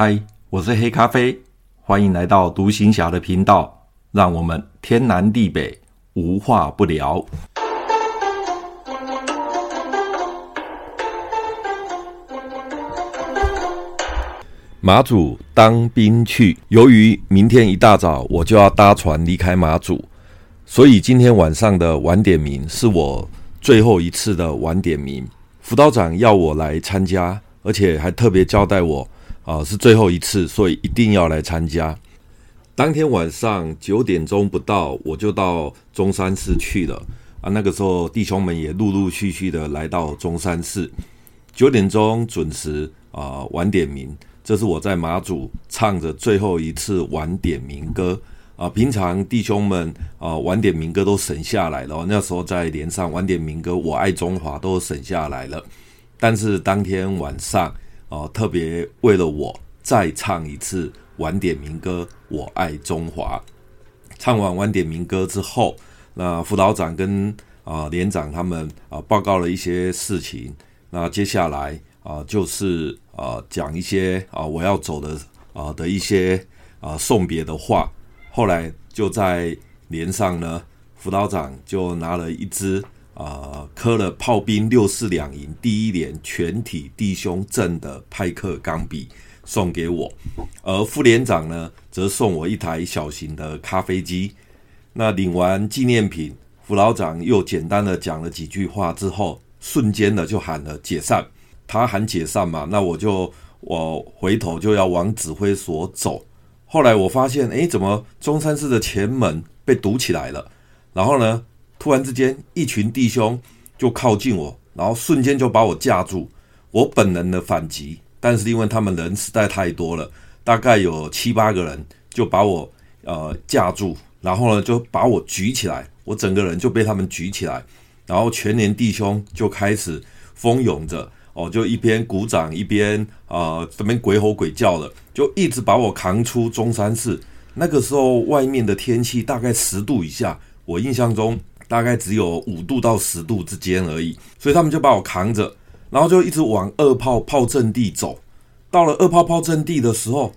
嗨，Hi, 我是黑咖啡，歡迎來到讀行俠的頻道，讓我們天南地北無話不聊。馬祖當兵趣，由於明天一大早我就要搭船離開馬祖，所以今天晚上的晚點名是我最後一次的晚點名。輔導長要我來參加，而且還特別交代我。啊，是最後一次，所以一定要來參加。當天晚上九點鐘不到，我就到中山室去了啊。那個時候，弟兄們也陸陸續續的來到中山室。九點鐘準時啊，晚點名。這是我在馬祖唱着最後一次晚點名歌啊。平常弟兄們啊晚點名歌都省下來了，那時候在連上晚點名歌《我愛中華》都省下來了。但是當天晚上。啊、呃，特別為了我再唱一次晚點名歌《我愛中華》。唱完晚點名歌之後，那輔導長跟啊、呃、連長他們啊、呃、報告了一些事情。那接下來啊、呃、就是啊講、呃、一些啊、呃、我要走的啊、呃、的一些啊、呃、送別的話。後來就在連上呢，輔導長就拿了一支。呃，磕了炮兵六四兩營第一連全體弟兄贈的派克鋼筆送給我，而副連長呢，則送我一台小型的咖啡機。那領完紀念品，輔導長又簡單的講了幾句話之後，瞬間的就喊了解散。他喊解散嘛，那我就我回頭就要往指揮所走。後來我發現，哎，怎麼中山室的前門被堵起來了？然後呢，突然之間，一群弟兄就靠近我，然後瞬間就把我架住。我本能的反擊，但是因為他們人實在太多了，大概有七八個人就把我呃架住，然後呢就把我舉起來，我整個人就被他們舉起來，然後全連弟兄就開始蜂擁着，哦就一邊鼓掌一邊啊、呃、這邊鬼吼鬼叫的，就一直把我扛出中山室。那個時候外面的天氣大概十度以下，我印象中。大概只有五度到十度之間而已，所以他們就把我扛着，然後就一直往二炮炮陣地走。到了二炮炮陣地的時候，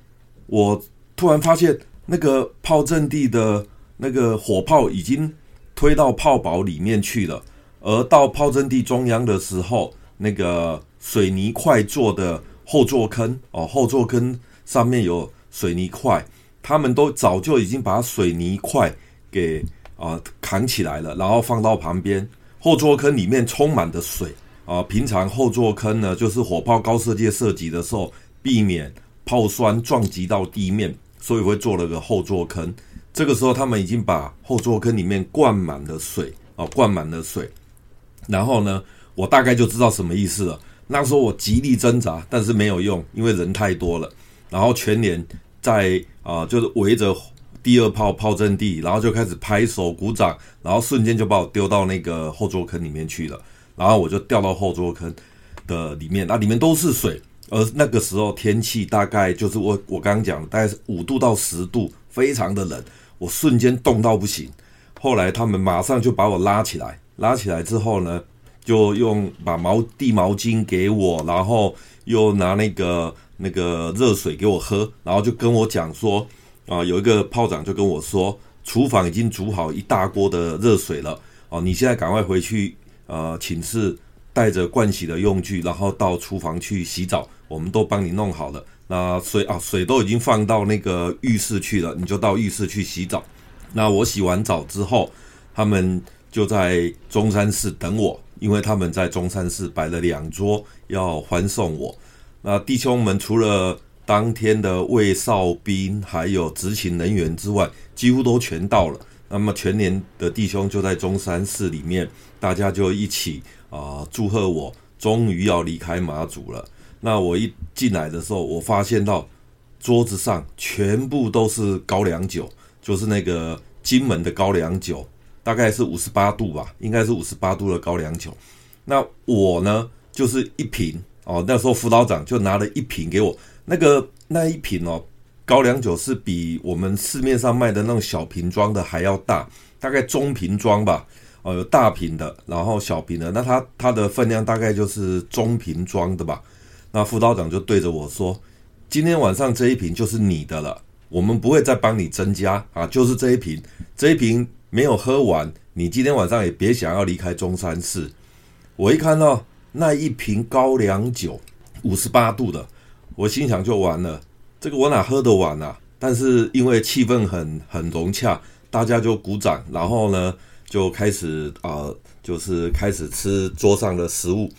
我突然發現那個炮陣地的那個火炮已經推到炮堡裡面去了。而到炮陣地中央的時候，那個水泥塊做的後座坑哦，後座坑上面有水泥塊，他們都早就已經把水泥塊給。啊、呃，扛起來了，然後放到旁邊後座坑裡面，充滿了水啊、呃。平常後座坑呢，就是火炮高射界射擊的時候，避免炮栓撞擊到地面，所以會做了個後座坑。這個時候他們已經把後座坑裡面灌滿了水啊、呃，灌滿了水。然後呢，我大概就知道什麼意思了。那時候我極力掙扎，但是沒有用，因為人太多了。然後全連在啊、呃，就是圍着。第二炮炮陣地，然後就開始拍手鼓掌，然後瞬間就把我丟到那個後座坑裡面去了，然後我就掉到後座坑的裡面，那、啊、裡面都是水，而那個時候天氣大概就是我我剛剛講的，大概是五度到十度，非常的冷，我瞬間凍到不行。後來他們馬上就把我拉起來，拉起來之後呢，就用把毛遞毛巾給我，然後又拿那個那個熱水給我喝，然後就跟我講說。啊，有一個炮長就跟我說，廚房已經煮好一大鍋的熱水了。啊，你現在趕快回去，呃、啊，寢室帶着盥洗的用具，然後到廚房去洗澡。我們都幫你弄好了，那水啊，水都已經放到那個浴室去了，你就到浴室去洗澡。那我洗完澡之後，他們就在中山室等我，因為他們在中山室擺了兩桌要歡送我。那弟兄們除了。當天的衛哨兵還有執勤人員之外，幾乎都全到了。那麼全連的弟兄就在中山室裡面，大家就一起啊、呃、祝賀我終於要離開馬祖了。那我一進來的時候，我發現到桌子上全部都是高粱酒，就是那個金門的高粱酒，大概是五十八度吧，應該是五十八度的高粱酒。那我呢，就是一瓶。哦，那時候輔導長就拿了一瓶給我，那個那一瓶哦，高粱酒是比我們市面上賣的那種小瓶裝的還要大，大概中瓶裝吧。哦，有大瓶的，然後小瓶的，那它它的分量大概就是中瓶裝的吧。那輔導長就對着我說：“今天晚上這一瓶就是你的了，我們不會再幫你增加啊，就是這一瓶，這一瓶沒有喝完，你今天晚上也別想要離開中山室。”我一看到。那一瓶高粱酒，五十八度的，我心想就完了，這個我哪喝得完啊？但是因為氣氛很很融洽，大家就鼓掌，然後呢就開始啊、呃，就是開始吃桌上的食物，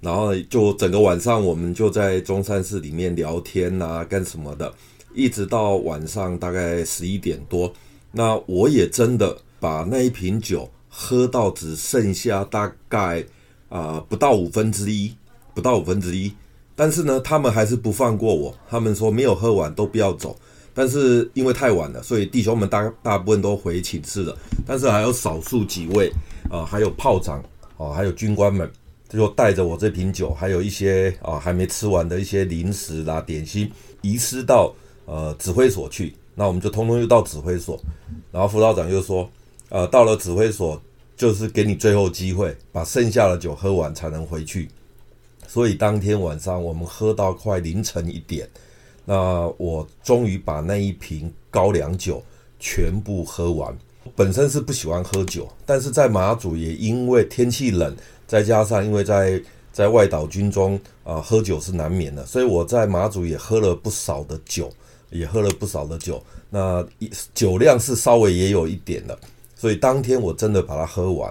然後就整個晚上我們就在中山室裡面聊天啊，幹什麼的，一直到晚上大概十一點多，那我也真的把那一瓶酒喝到只剩下大概。啊、呃，不到五分之一，不到五分之一，但是呢，他們還是不放過我。他們說，沒有喝完都不要走。但是因為太晚了，所以弟兄們大大部分都回寢室了。但是還有少數幾位啊、呃，還有炮長啊、呃，還有軍官們，就帶着我這瓶酒，還有一些啊、呃、還沒吃完的一些零食啦點心，移師到呃指揮所去。那我們就通通又到指揮所，然後輔導長就說，呃，到了指揮所，就是給你最後機會，把剩下的酒喝完才能回去。所以當天晚上我們喝到快凌晨一點，那我終於把那一瓶高粱酒全部喝完。本身是不喜歡喝酒，但是在馬祖也因為天氣冷，再加上因為在在外島軍中啊、呃，喝酒是難免的，所以我在馬祖也喝了不少的酒，也喝了不少的酒。那一酒量是稍微也有一點的。所以當天我真的把它喝完。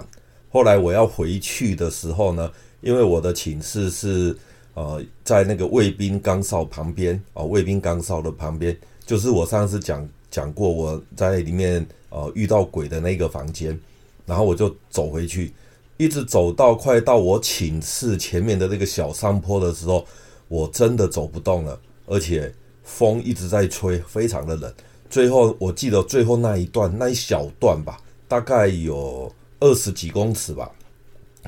後來我要回去的時候呢，因為我的寢室是呃在那個衛兵崗哨旁邊哦、呃，衛兵崗哨的旁邊就是我上次講講過我在裡面呃遇到鬼的那個房間。然後我就走回去，一直走到快到我寢室前面的那個小山坡的時候，我真的走不動了，而且風一直在吹，非常的冷。最後我記得最後那一段那一小段吧。大概有二十幾公尺吧，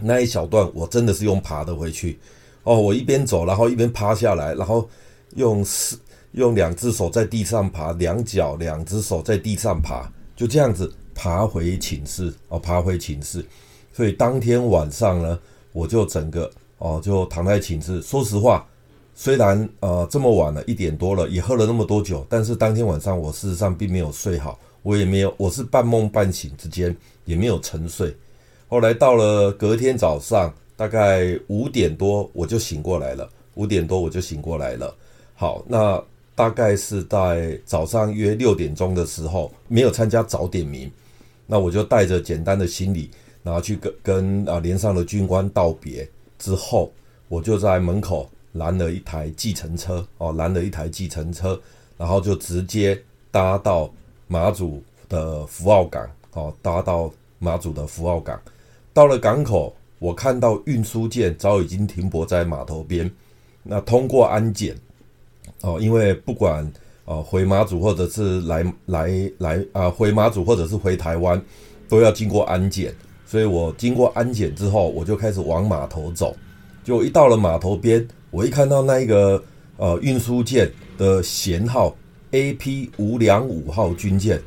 那一小段我真的是用爬的回去。哦，我一邊走，然後一邊趴下來，然後用四用兩隻手在地上爬，兩腳兩隻手在地上爬，就這樣子爬回寢室。哦，爬回寢室。所以當天晚上呢，我就整個哦就躺在寢室。說實話，雖然呃這麼晚了，一點多了，也喝了那麼多酒，但是當天晚上我事實上並沒有睡好。我也沒有，我是半夢半醒之間，也沒有沉睡。後來到了隔天早上，大概五點多我就醒過來了。五點多我就醒過來了。好，那大概是在早上約六點鐘的時候，沒有參加早點名。那我就帶着簡單的行李，然後去跟跟啊連上的軍官道別之後，我就在門口攔了一台計程車哦，攔了一台計程車，然後就直接搭到。馬祖的福澳港，哦，搭到馬祖的福澳港，到了港口，我看到運輸艦早已經停泊在碼頭邊。那通過安檢，哦，因為不管哦、呃、回馬祖或者是來來來啊回馬祖或者是回台灣，都要經過安檢，所以我經過安檢之後，我就開始往碼頭走。就一到了碼頭邊，我一看到那一個呃運輸艦的舷號。AP525 號軍艦，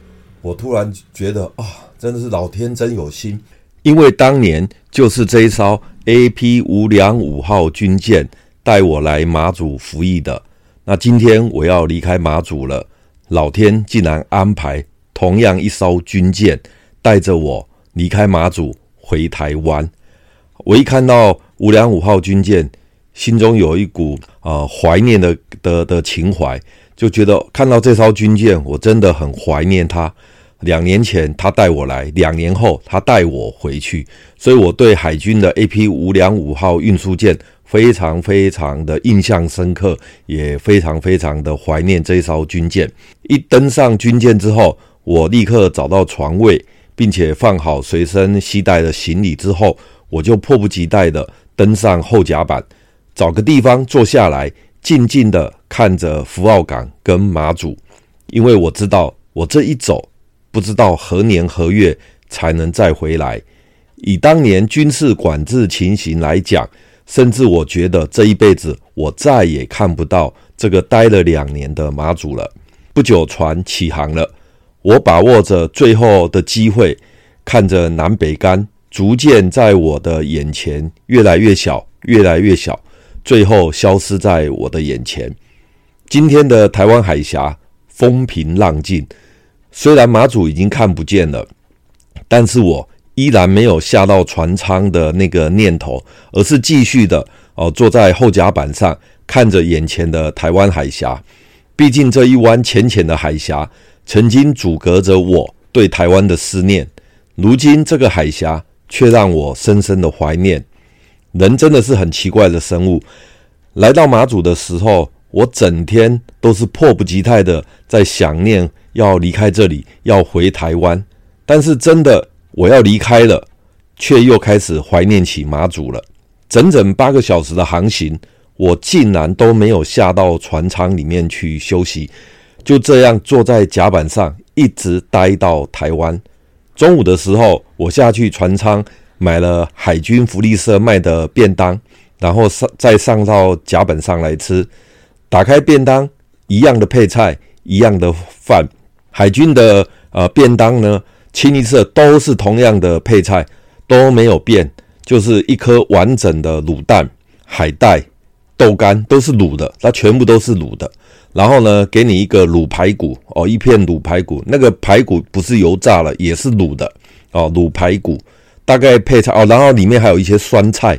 我突然覺得啊、哦，真的是老天真有心，因為當年就是這一艘 AP525 號軍艦帶我來馬祖服役的。那今天我要離開馬祖了，老天竟然安排同樣一艘軍艦帶着我離開馬祖回台灣。我一看到525號軍艦，心中有一股呃懷念的的的情懷。就覺得看到這艘軍艦，我真的很懷念它。兩年前它帶我來，兩年後它帶我回去，所以我對海軍的 AP 五兩五號運輸艦非常非常的印象深刻，也非常非常的懷念這艘軍艦。一登上軍艦之後，我立刻找到床位，並且放好隨身攜帶的行李之後，我就迫不及待的登上後甲板，找個地方坐下來，靜靜的。看着福澳港跟馬祖，因為我知道我這一走，不知道何年何月才能再回來。以當年軍事管制情形來講，甚至我覺得這一輩子我再也看不到這個待了兩年的馬祖了。不久船起航了，我把握着最後的機會，看着南北竿，逐漸在我的眼前越來越小，越來越小，最後消失在我的眼前。今天的台灣海峽風平浪靜，雖然馬祖已經看不見了，但是我依然沒有下到船艙的那個念頭，而是繼續的哦、呃、坐在後甲板上，看着眼前的台灣海峽。畢竟這一灣淺淺的海峽，曾經阻隔着我對台灣的思念，如今這個海峽卻讓我深深的懷念。人真的是很奇怪的生物，來到馬祖的時候。我整天都是迫不及待的在想念，要離開這裡，要回台灣。但是真的我要離開了，卻又開始懷念起馬祖了。整整八個小時的航行，我竟然都沒有下到船艙裡面去休息，就這樣坐在甲板上一直待到台灣。中午的時候，我下去船艙買了海軍福利社賣的便當，然後上再上到甲板上來吃。打開便當，一樣的配菜，一樣的飯。海軍的呃便當呢，清一色都是同樣的配菜，都沒有變，就是一顆完整的滷蛋、海帶、豆干都是滷的，它全部都是滷的。然後呢，給你一個滷排骨哦，一片滷排骨，那個排骨不是油炸了，也是滷的哦，滷排骨，大概配菜哦，然後裡面還有一些酸菜，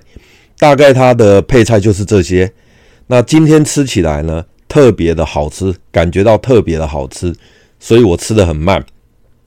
大概它的配菜就是這些。那今天吃起來呢，特別的好吃，感覺到特別的好吃，所以我吃得很慢，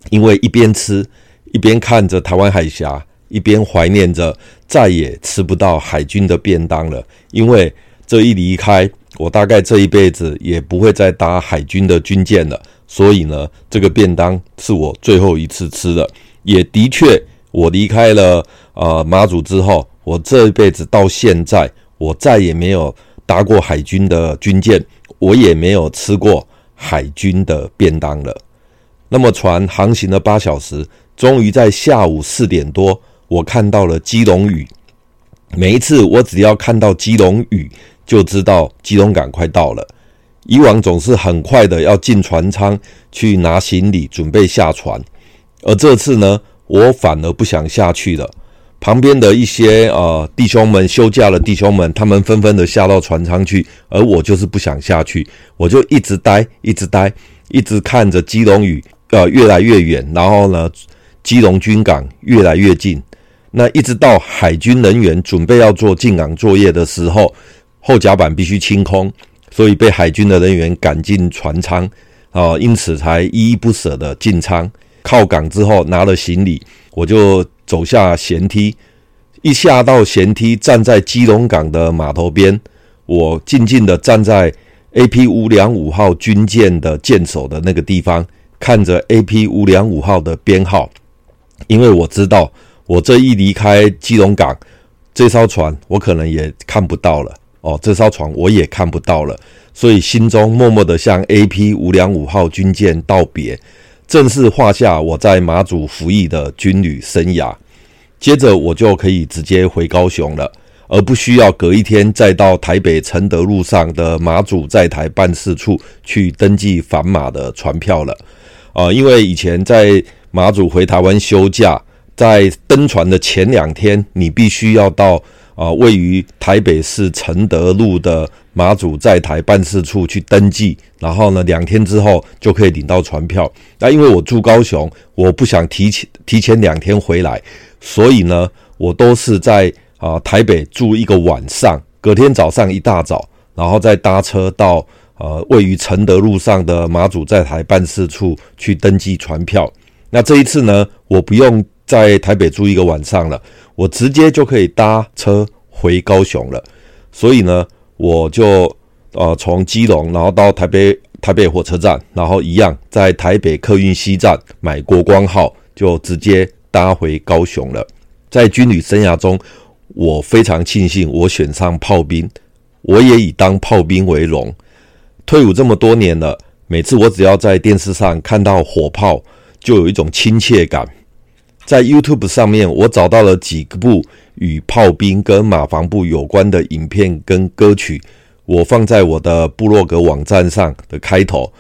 因為一邊吃一邊看着台灣海峽，一邊懷念着再也吃不到海軍的便當了。因為這一離開，我大概這一輩子也不會再搭海軍的軍艦了。所以呢，這個便當是我最後一次吃的，也的確，我離開了呃馬祖之後，我這一輩子到現在，我再也沒有。搭過海軍的軍艦，我也沒有吃過海軍的便當了。那麼船航行了八小時，終於在下午四點多，我看到了基隆嶼。每一次我只要看到基隆嶼，就知道基隆港快到了。以往總是很快的要進船艙去拿行李，準備下船，而這次呢，我反而不想下去了。旁邊的一些呃弟兄們休假的弟兄們，他們紛紛地下到船艙去，而我就是不想下去，我就一直待，一直待，一直看着基隆嶼，呃，越來越遠，然後呢，基隆軍港越來越近，那一直到海軍人員準備要做進港作業的時候，後甲板必須清空，所以被海軍的人員趕進船艙，啊、呃，因此才依依不捨的進艙，靠港之後拿了行李，我就。走下舷梯，一下到舷梯，站在基隆港的碼頭邊，我靜靜的站在 AP 五兩五號軍艦的艦首的那個地方，看着 AP 五兩五號的編號，因為我知道我這一離開基隆港，這艘船我可能也看不到了哦，這艘船我也看不到了，所以心中默默的向 AP 五兩五號軍艦道別。正式畫下我在馬祖服役的軍旅生涯，接着我就可以直接回高雄了，而不需要隔一天再到台北承德路上的馬祖在台辦事處去登記返馬的船票了。啊、呃，因為以前在馬祖回台灣休假，在登船的前兩天，你必須要到啊、呃、位於台北市承德路的。馬祖在台辦事處去登記，然後呢，兩天之後就可以領到船票。那因為我住高雄，我不想提前提前兩天回來，所以呢，我都是在啊、呃、台北住一個晚上，隔天早上一大早，然後再搭車到呃位於承德路上的馬祖在台辦事處去登記船票。那這一次呢，我不用在台北住一個晚上了，我直接就可以搭車回高雄了。所以呢。我就呃從基隆，然後到台北，台北火車站，然後一樣在台北客運西站買國光號，就直接搭回高雄了。在軍旅生涯中，我非常慶幸我選上炮兵，我也以當炮兵為榮。退伍這麼多年了，每次我只要在電視上看到火炮，就有一種親切感。在 YouTube 上面，我找到了幾個部。與炮兵、跟馬防部有關的影片跟歌曲，我放在我的部落格網站上的開頭。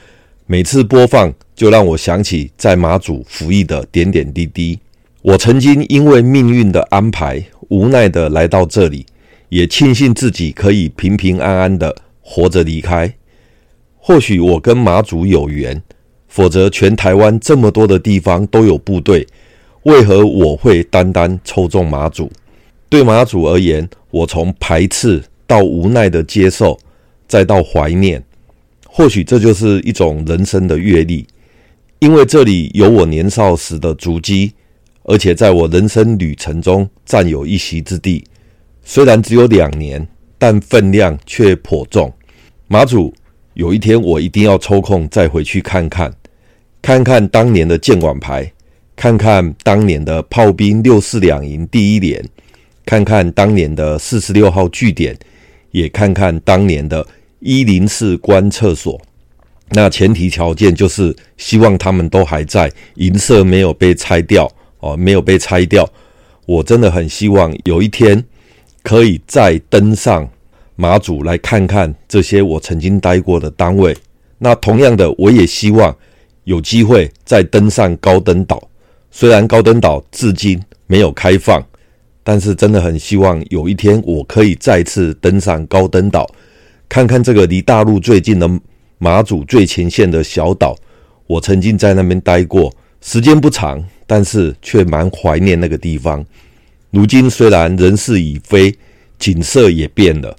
每次播放，就讓我想起在馬祖服役的點點滴滴。我曾經因為命運的安排，無奈地來到這裡，也慶幸自己可以平平安安的活着離開。或許我跟馬祖有緣，否則全台灣這麼多的地方都有部隊，為何我會單單抽中馬祖？對馬祖而言，我從排斥到無奈的接受，再到懷念，或許這就是一種人生的閱歷。因為這裡有我年少時的足跡，而且在我人生旅程中占有一席之地。雖然只有兩年，但分量卻頗重。馬祖，有一天我一定要抽空再回去看看，看看當年的建管牌，看看當年的炮兵六四兩營第一連。看看當年的四十六號據點，也看看當年的一零四觀測所。那前提條件就是希望他們都還在，營舍沒有被拆掉哦，沒有被拆掉。我真的很希望有一天可以再登上馬祖來看看這些我曾經待過的單位。那同樣的，我也希望有機會再登上高登島，雖然高登島至今沒有開放。但是真的很希望有一天我可以再次登上高登島，看看這個離大陸最近的馬祖最前線的小島。我曾經在那邊待過，時間不長，但是卻蠻懷念那個地方。如今雖然人事已非，景色也變了，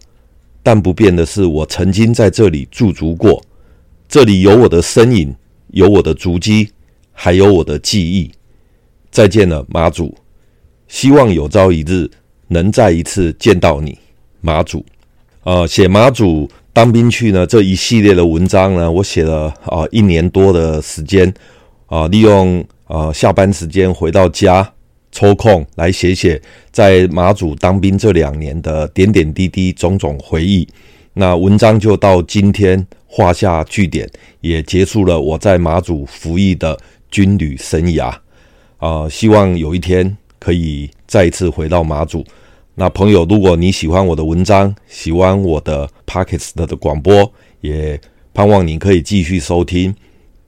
但不變的是我曾經在這裡駐足過。這裡有我的身影，有我的足跡，還有我的記憶。再見了，馬祖。希望有朝一日能再一次見到你，馬祖，呃，寫馬祖當兵趣呢這一系列的文章呢，我寫了啊、呃、一年多的時間，啊、呃，利用呃下班時間回到家抽空來寫寫在馬祖當兵這兩年的點點滴滴、種種回憶。那文章就到今天畫下句點，也結束了我在馬祖服役的軍旅生涯。啊、呃，希望有一天。可以再一次回到馬祖，那朋友，如果你喜歡我的文章，喜歡我的 Podcast 的廣播，也盼望你可以繼續收聽。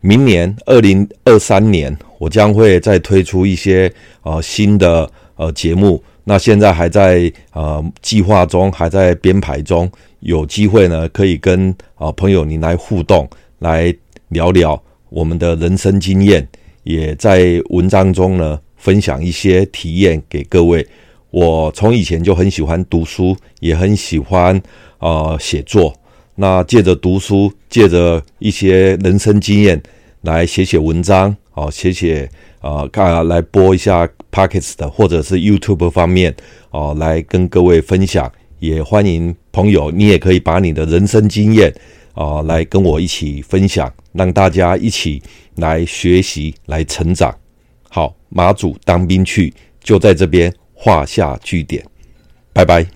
明年二零二三年，我將會再推出一些呃新的呃節目，那現在還在呃計劃中，還在編排中。有機會呢，可以跟啊、呃、朋友您來互動，來聊聊我們的人生經驗，也在文章中呢。分享一些體驗給各位。我從以前就很喜歡讀書，也很喜歡啊呃，寫作。那借着讀書，借着一些人生經驗來寫寫文章，哦，寫寫啊，來播一下 Podcast 或者是 YouTube 方面哦、呃，來跟各位分享。也歡迎朋友，你也可以把你的人生經驗啊、呃、來跟我一起分享，讓大家一起來學習，來成長。好，馬祖當兵趣，就在這邊畫下句點，拜拜。